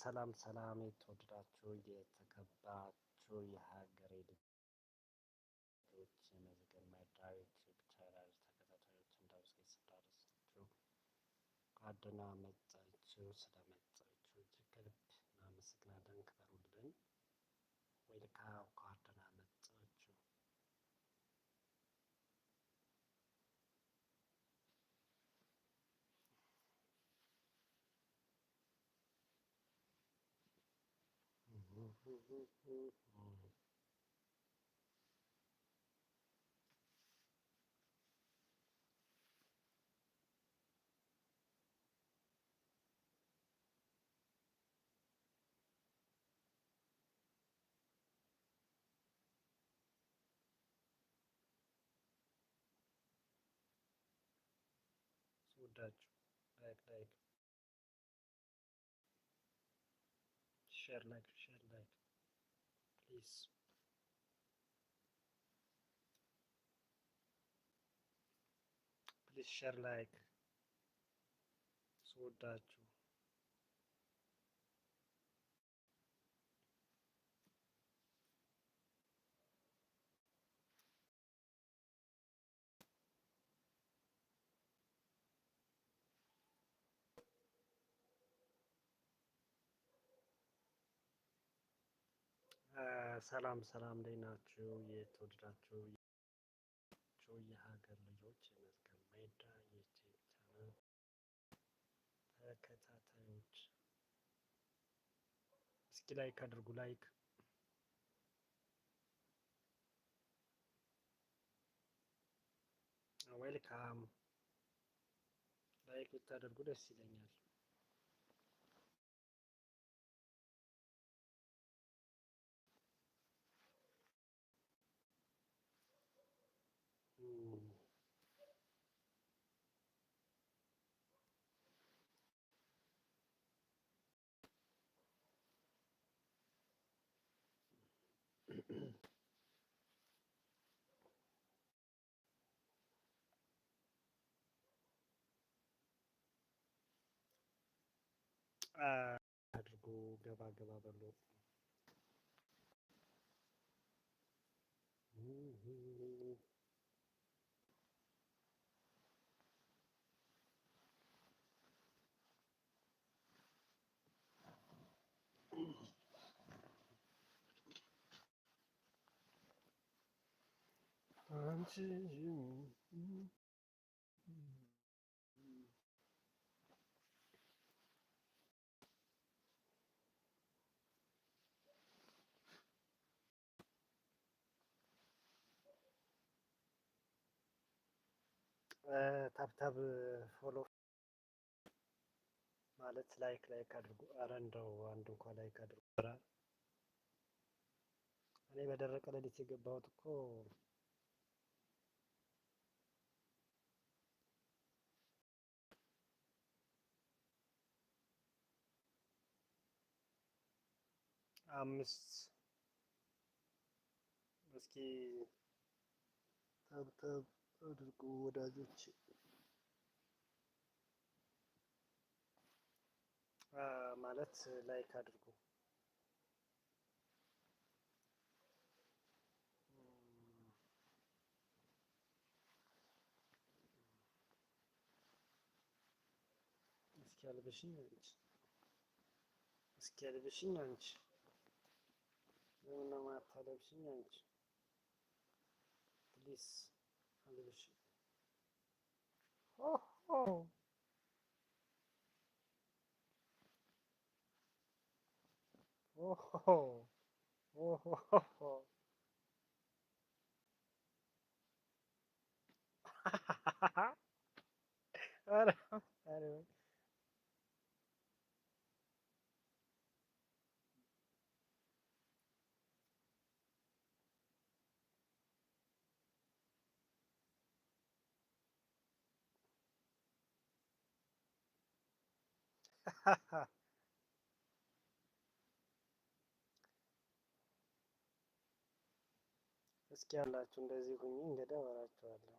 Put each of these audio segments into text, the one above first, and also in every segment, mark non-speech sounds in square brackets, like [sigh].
ሰላም ሰላም የተወደዳችሁ የተከበራችሁ የሀገሬ ልጆች የመዝገብ መርዳ ዩቲዩብ ቻናል ተከታታዮች እንዳመሰግናችሁ እንኳን ደህና መጣችሁ። ስለመጣችሁ እጅግ ከልብ እናመሰግናለን። ክበሩልን። So that like like share like is. Please share like so that you ሰላም ሰላም፣ እንዴት ናችሁ? የተወደዳችሁ የሀገር ልጆች የመዝገብ ሜዳ ዩቲዩብ ቻናል ተከታታዮች እስኪ ላይክ አድርጉ። ላይክ ዌልካም ላይክ ብታደርጉ ደስ ይለኛል። አድርጎ ገባ ገባ በሎ ታብታብ ፎሎ ማለት ላይክ ላይክ አድርጉ። አረ እንደው አንድ እንኳ ላይክ አድርጉ። እኔ በደረቀ ሌሊት የገባሁት እኮ አምስት እስኪ ታብታብ አድርጉ ወዳጆች። ማለት ላይክ አድርጉ። እስኪ አልበሽኝ አንቺ፣ እስኪ አልበሽኝ አንቺ፣ ለምን ነው አንቺ ፕሊስ under the sheet. Oh, oh. Oh, oh, oh, oh, oh. I don't know. [laughs] እስኪ ያላችሁ እንደዚህ ሁኚ እንግዲህ አወራችኋለሁ።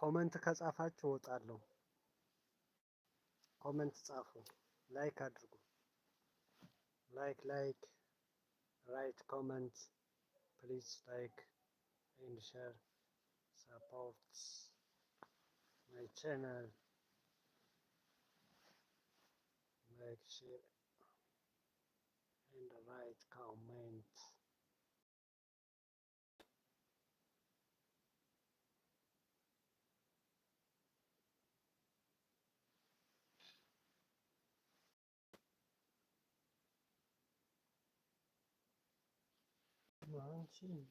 ኮመንት ከጻፋችሁ እወጣለሁ። ኮመንት ጻፉ፣ ላይክ አድርጉ። ላይክ ላይክ ራይት ኮመንት ፕሊዝ ላይክ ኤንድ ሼር ሰፖርት ማይ ቻናል ላይክ ሼር ኤንድ ራይት ኮመንት 建议。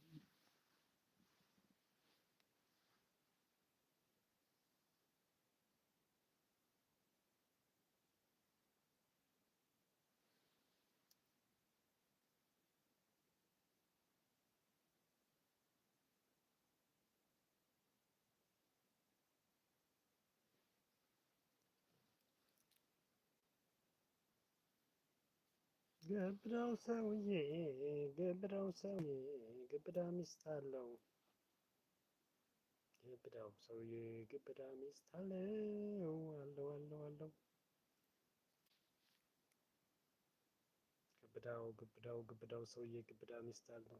ገብረው ሰውዬ ገብረው ሰውዬ ግብዳ ሚስት አለው። ግብዳው ሰውዬ ግብዳ ሚስት አለው አለው አለው አለው ግብዳው ግብዳው ግብዳው ሰውዬ ግብዳ ሚስት አለው።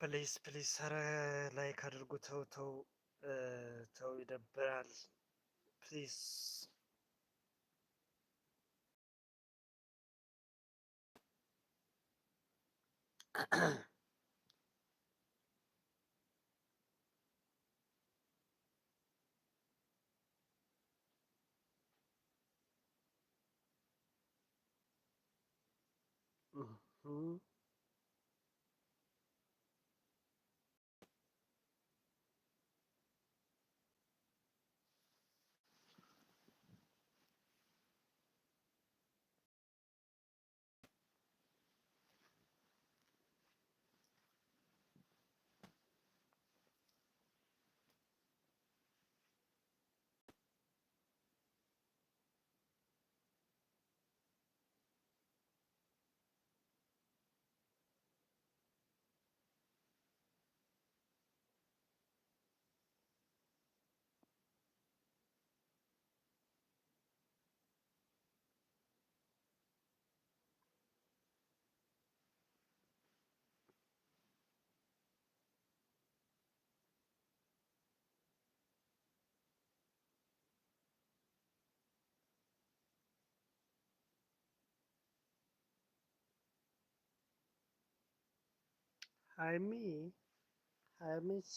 ፕሊስ ፕሊስ፣ ኧረ ላይክ አድርጉ። ተው ተው ተው፣ ይደብራል። please. [clears throat] mm-hmm. ሀይሚ ሀይሚሻ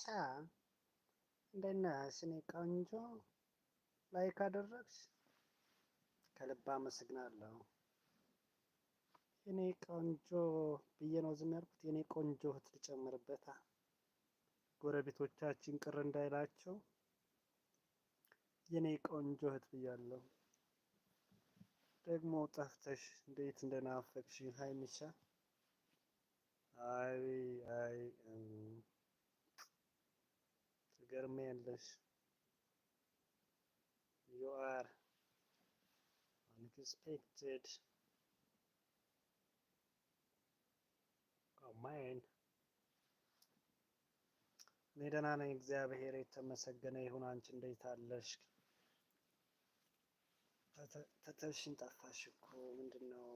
እንደት ነሽ? እኔ ቆንጆ ላይክ አደረግሽ፣ ከልብ አመሰግናለሁ። እኔ ቆንጆ ብዬ ነው ዝም ያልኩት። የኔ ቆንጆ እህት ልጨምርበታ፣ ጎረቤቶቻችን ቅር እንዳይላቸው የኔ ቆንጆ እህት ብያለሁ። ደግሞ ጠፍተሽ እንዴት እንደናፈቅሽ ሀይሚሻ አይ አይ ትገርሚያለሽ። ዩ አር አንኤክስፔክትድ ማይን እኔ ደህና ነኝ፣ እግዚአብሔር የተመሰገነ ይሁን። አንቺ እንዴት አለሽ? ተተሽን ጠፋሽ እኮ ምንድን ነው?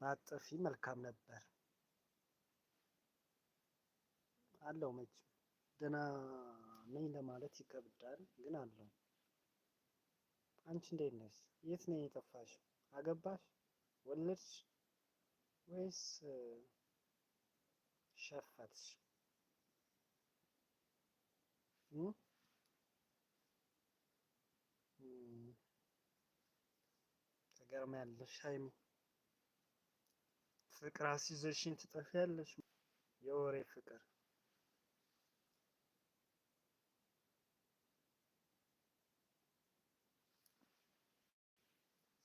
ባጥፊ መልካም ነበር አለው። መቼም ደህና ነኝ ለማለት ይከብዳል፣ ግን አለው። አንቺ እንዴት ነሽ? የት ነው የጠፋሽ? አገባሽ? ወለድሽ? ወይስ ሸፈትሽ? ተገርሚያለሽ ሀይሚ ፍቅር አስይዘሽኝ ትጠፊያለሽ የወሬ ፍቅር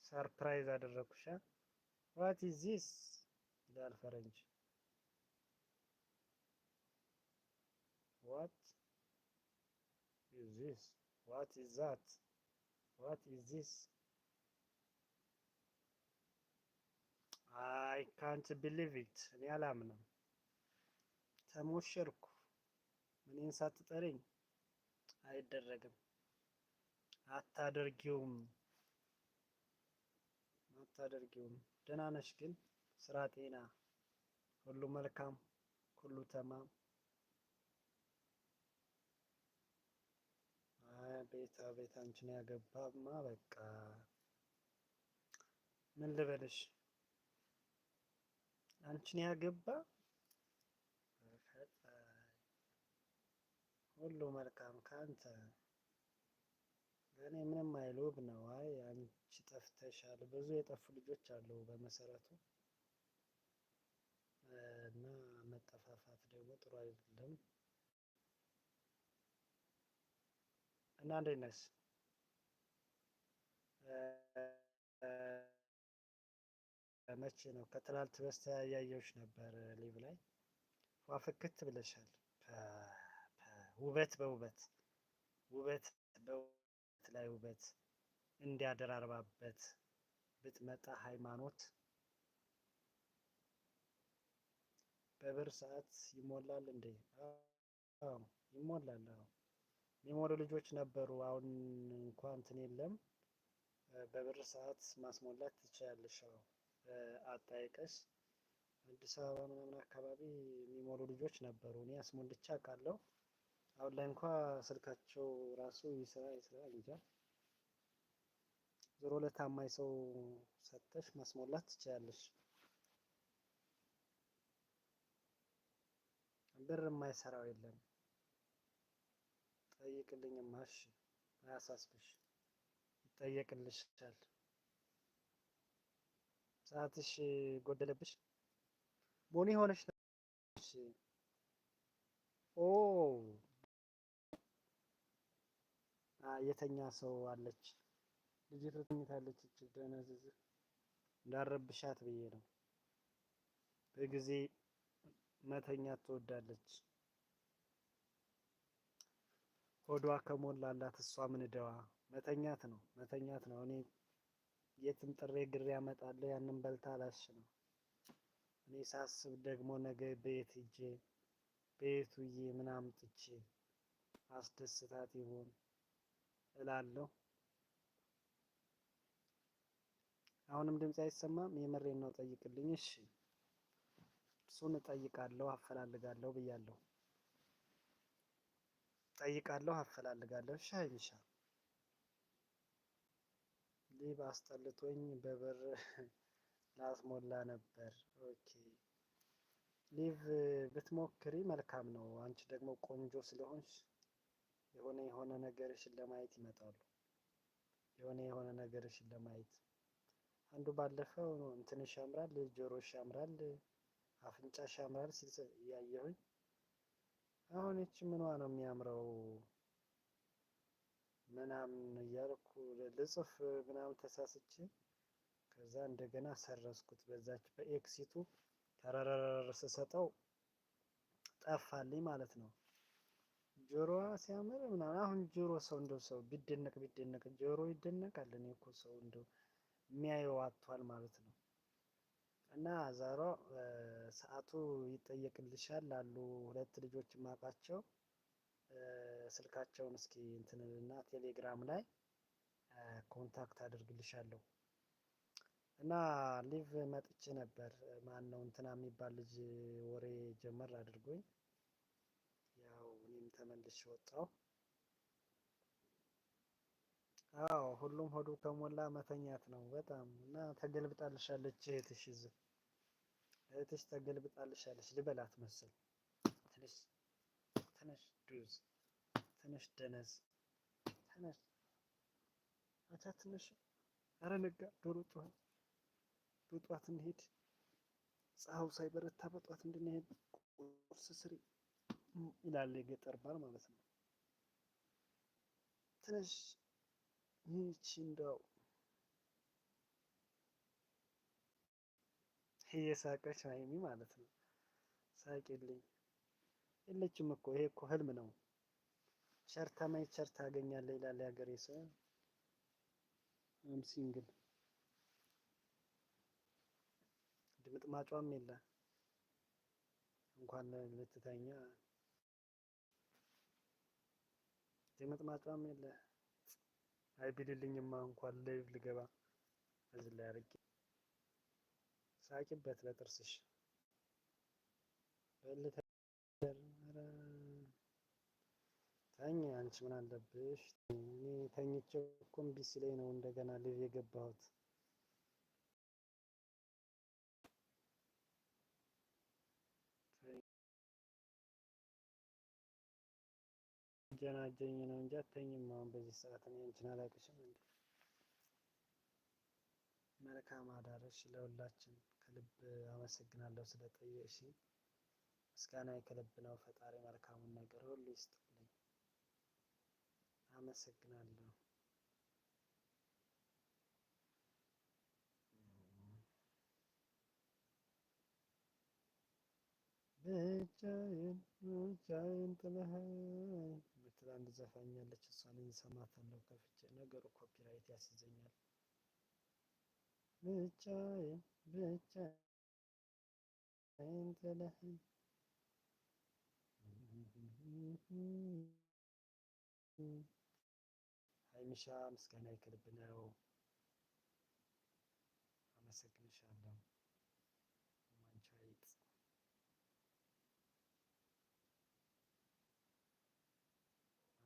ሰርፕራይዝ አደረኩሽ። ዋት ኢዝ ዚስ ይላል ፈረንጅ። ዋት ኢዝ ዚስ ዋት ኢዝ ዛት ዋት ኢዝ ዚስ አይ ካንት ቢሊቭ ኢት እኔ አላምንም። ተሞሸርኩ ምኔን ሳትጠሪኝ አይደረግም። አታደርጊውም አታደርጊውም። ደህና ነሽ ግን ስራ፣ ጤና ሁሉ መልካም፣ ሁሉ ተማም። ቤታ ቤታ አንቺን ያገባማ በቃ ምን ልበልሽ አንቺን ያገባ ሁሉ መልካም ከአንተ ለእኔ ምንም አይሉብ ነው። አይ አንቺ ጠፍተሻል። ብዙ የጠፉ ልጆች አሉ በመሰረቱ እና መጠፋፋት ደግሞ ጥሩ አይደለም። እና እንዴት ነሽ? መቼ ነው? ከትላንት በስቲያ ያየሁሽ ነበር ሊቭ ላይ ዋፍክት ብለሻል። ውበት በውበት ውበት በውበት ላይ ውበት እንዲያደራርባበት ብትመጣ ሃይማኖት በብር ሰዓት ይሞላል እንዴ? አዎ ይሞላል። አዎ የሚሞሉ ልጆች ነበሩ። አሁን እንኳን እንትን የለም። በብር ሰዓት ማስሞላት ትችያለሽ። አዎ አጣይቀስ አዲስ አበባ ምናምን አካባቢ የሚሞሉ ልጆች ነበሩ። እኔ አስሞልቼ አውቃለሁ። አሁን ላይ እንኳ ስልካቸው ራሱ ይስራ ይስራ እንጃ። ዞሮ ለታማኝ ሰው ሰጥተሽ ማስሞላት ትችላለሽ። ብር የማይሰራው የለም። ጠይቅልኝማ፣ እሺ አያሳስብሽ፣ ይጠየቅልሻል። ሰዓትሽ ጎደለብሽ። ቦኒ ሆነሽ ነው? ኦ የተኛ ሰው አለች። ልጅቱ ተኝታለች። እቺ ደነዝዝ እንዳረብሻት ብዬ ነው። በጊዜ መተኛት ትወዳለች። ሆዷ ከሞላላት እሷ ምን ምንደዋ መተኛት ነው መተኛት ነው እኔ የትም ጥሬ ግሬ ያመጣለሁ ያንን በልታ አላሽንም። እኔ ሳስብ ደግሞ ነገ ቤት ሂጄ ቤት ውዬ ምናምን ጥቼ አስደስታት ይሆን እላለሁ። አሁንም ድምፅ አይሰማም። የመሬን ነው። ጠይቅልኝ። እሺ እሱን እጠይቃለሁ አፈላልጋለሁ ብያለሁ። ጠይቃለሁ አፈላልጋለሁ። እሺ አይልሻ ሊብ አስጠልቶኝ በብር [laughs] ላስሞላ ነበር። ኦኬ ሊቭ ብትሞክሪ መልካም ነው። አንቺ ደግሞ ቆንጆ ስለሆንሽ የሆነ የሆነ ነገርሽን ለማየት ይመጣሉ። የሆነ የሆነ ነገርሽን ለማየት አንዱ ባለፈው እንትንሽ ያምራል፣ ጆሮሽ ያምራል፣ አፍንጫሽ ያምራል ሲል ያየሁኝ። አሁን ይቺ ምኗ ነው የሚያምረው? ምናምን እያልኩ ልጽፍ ምናምን ተሳስቼ ከዛ እንደገና ሰረዝኩት። በዛች በኤክሲቱ ተረረረር ስሰጠው ጠፋልኝ ማለት ነው። ጆሮዋ ሲያምር ምናምን አሁን ጆሮ ሰው እንደው ሰው ቢደነቅ ቢደነቅ ጆሮ ይደነቃል። እኔ እኮ ሰው እንደው የሚያየው አጥቷል ማለት ነው። እና ዛሬ ሰዓቱ ይጠየቅልሻል አሉ ሁለት ልጆች ማውቃቸው ስልካቸውን እስኪ እንትንና ቴሌግራም ላይ ኮንታክት አድርግልሻለሁ እና ሊቭ መጥቼ ነበር። ማን ነው እንትና የሚባል ልጅ ወሬ ጀመር አድርጎኝ፣ ያው እኔም ተመልሼ ወጣሁ። አዎ ሁሉም ሆዱ ከሞላ መተኛት ነው በጣም እና ተገልብጣልሻለች እህትሽ እዚህ እህትሽ ተገልብጣልሻለች ልበላት መሰል ትንሽ ትንሽ ኮንፊውዝ ትንሽ ደነዝ ተነስ አቻ ትንሽ አረ ነጋ ዶሮ ጮኸ። በጧት እንሄድ ፀሐው ሳይበረታ በጧት እንድንሄድ ቁርስ ስሪ ይላል የገጠር ባል ማለት ነው። ትንሽ ይህቺ እንደው እየሳቀች ሀይሚ ማለት ነው ሳቂልኝ የለችም እኮ ይሄ እኮ ህልም ነው። ቸርታ ማየት ቸርታ አገኛለሁ ይላል የሀገሬ ሰው። አም ሲንግል ድምጥማጯም የለ እንኳን ልትተኛ ድምጥማጯም የለ አይቢልልኝማ እንኳን ላይቭ ልገባ እዚህ ላይ አድርጌ ሳቂበት በጥርስሽ ተኝ አንቺ ምን አለብሽ? እኔ ተኝቼ እኮ እምቢ ሲለኝ ነው እንደገና ልብ የገባሁት። ጀናጀኝ ነው እንጂ አተኝም። አሁን በዚህ ሰዓት እኔ አንቺን አላቅሽም መልካም አዳረሽ ለሁላችን ከልብ አመሰግናለሁ ስለጠየቅሽኝ። ምስጋና ከልብ ነው። ፈጣሪ መልካሙን ነገር ሁሉ ይስጥልኝ። አመሰግናለሁ። ብቻዬን ብቻዬን ጥለኸኝ አንድ ዘፋኝ አለች። እሷን እንሰማታለሁ ከፍቼ። ነገሩ ኮፒራይት ያስይዘኛል። ብቻዬን ብቻዬን ጥለኸኝ ሀይሚሻ ምስጋና ነው። አመሰግንሻለሁ። ማንቻይት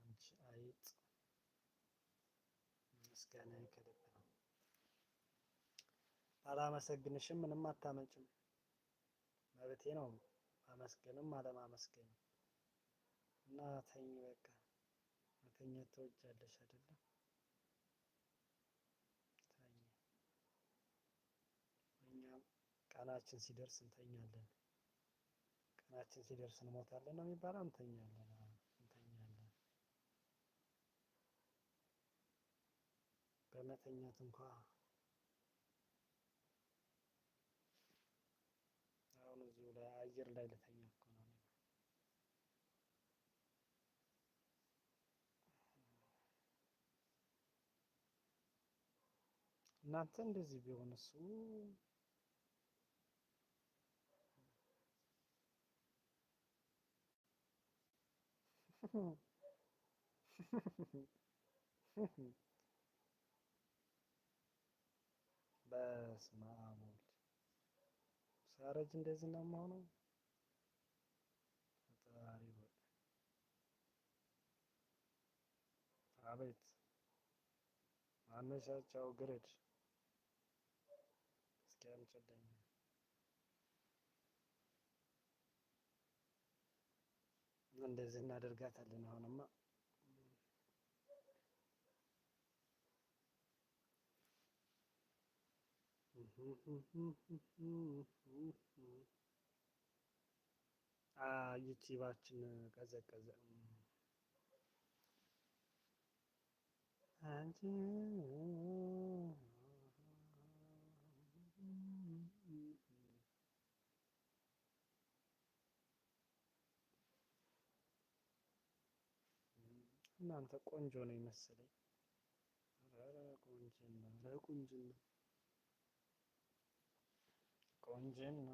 አንቺ አይጥ ምስጋና ነው። አላመሰግንሽም፣ ምንም አታመጭም። መብቴ ነው ማመስገንም አለማመስገንም። እና ተኝ በቃ መተኛት አይደለም? ተኝ። እኛም ቀናችን ሲደርስ እንተኛለን። ቀናችን ሲደርስ እንሞታለን ነው የሚባለው። እንተኛለን እንተኛለን። በመተኛት እንኳ አሁን እዚሁ ላይ አየር ላይ እናንተ እንደዚህ ቢሆን እሱ [laughs] በስመ አብ ወልድ ሳረጅ እንደዚህ ነው የማሆነው። ፈጣሪ ሆይ አቤት ማነሻቸው ግረድ አልከዳኝም። እንደዚህ እናደርጋታለን። አሁንማ ዩቲዩባችን ቀዘቀዘ። አንቺ እናንተ ቆንጆ ነው የመሰለኝ። ቆንጅና ለቁንጅና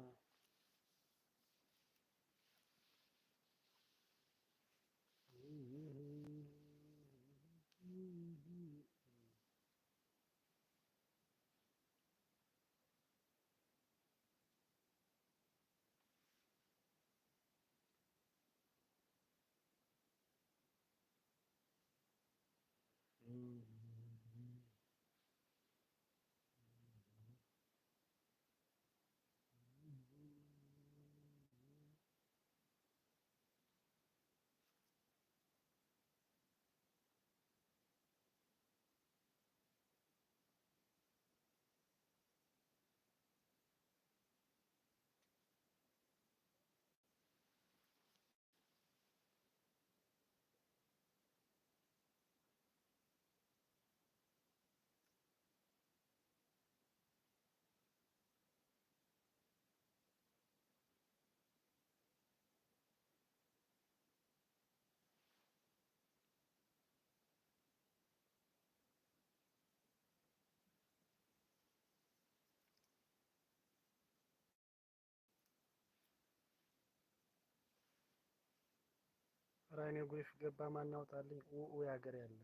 ኧረ እኔ ጉድፍ ገባ ማን ማናወጣልኝ ኡ ያገር ያለ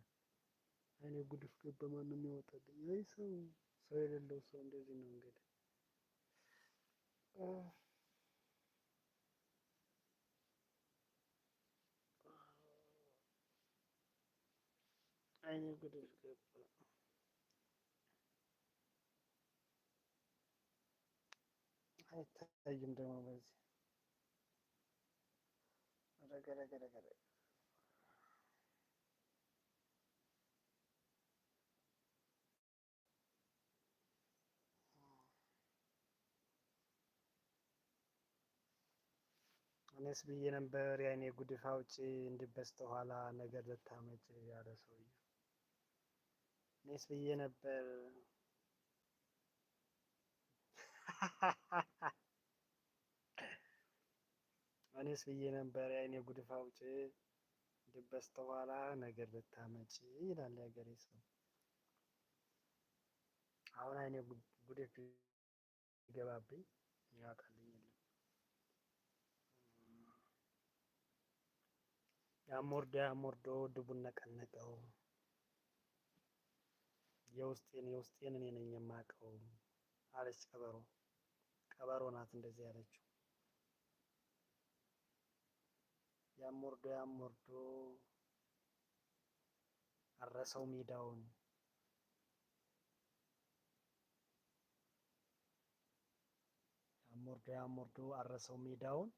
እኔ ጉድፍ ገባ ማን የሚያወጣልኝ? አይ ሰው ሰው የሌለው ሰው እንደዚህ ነው እንግዲህ አይኔ ጉድፍ ገባ አይታይም ደግሞ በዚህ gare እኔስ ብዬ ነበር ጉድፋ ጉድፍ አውጪ እንድበስተኋላ ነገር ልታመጭ ያለ ሰውዬ እኔስ ብዬ ነበር [laughs] እኔስ ብዬ ነበር የአይኔ ጉድፍ አውጪ በስተኋላ ነገር ልታመጪ ይላል ያገሬ ሰው። አሁን አይኔ ጉድፍ ይገባብኝ ያውቃልኝ የለም ያሞርዶ ያሞርዶ ድቡን ነቀነቀው የውስጤን የውስጤን እኔ ነኝ የማውቀው አለች ቀበሮ። ቀበሮ ናት እንደዚህ ያለችው። ያም ወርዶ ያም ወርዶ አረሰው ሜዳውን ያም ወርዶ ያም ወርዶ አረሰው ሜዳውን